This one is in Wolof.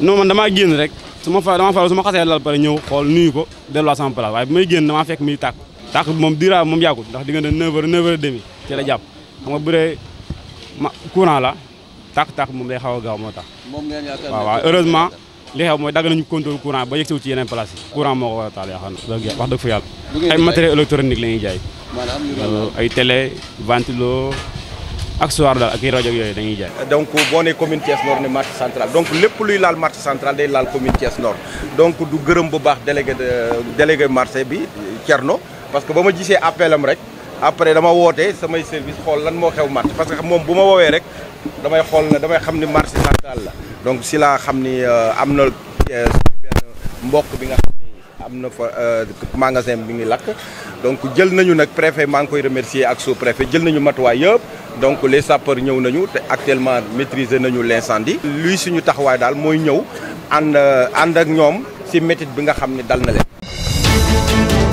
non man damaa génn rek su ma fa dama faral su ma xasee lal pare ñëw xool nuyu ko delluwaat sama place waaye bu may génn damaa fekk muy tàkk tàkk moom dira moom yàggut ndax diggante 9h 9h30 ci la jàpp xam ma courant la tàkk-tàkk moom day xaw a gaaw moo tax waaw waaw heureusement li xew mooy dagg nañu contrôle courant ba yegsiwu ci yeneen place yi courant moo ko war a taal yaa xam wax dëgg fa yàlla ay matériel électronique la ñuy jaay euh, ay télé ventilo accessoire dal ak i ak yoy dañuy jaay. donc boo nee commune Thiès Nord ne marché central donc lepp luy laal marché central day laal commune Thiès Nord donc du gërëm bu baax délégué délégué marché bi tierno parce que bama gissé gisee appel am rek après dama woté samay service xol lan mo xew marché parce que mom buma wowe rek damay xol na damay xamni marché central la donc si laa xam ni euh, am euh, mbokk bi nga amna na fa euh, magasin bi ngi lak donc jël nañu nak préfet mang koy remercier ak sous préfet jël nañu matuwaay yeb donc les sapeurs ñew nañu te actuellement maîtriser nañu l'incendie lui suñu taxawaay dal moy ñew and and ak ñom ci métit bi nga xamni dal na leen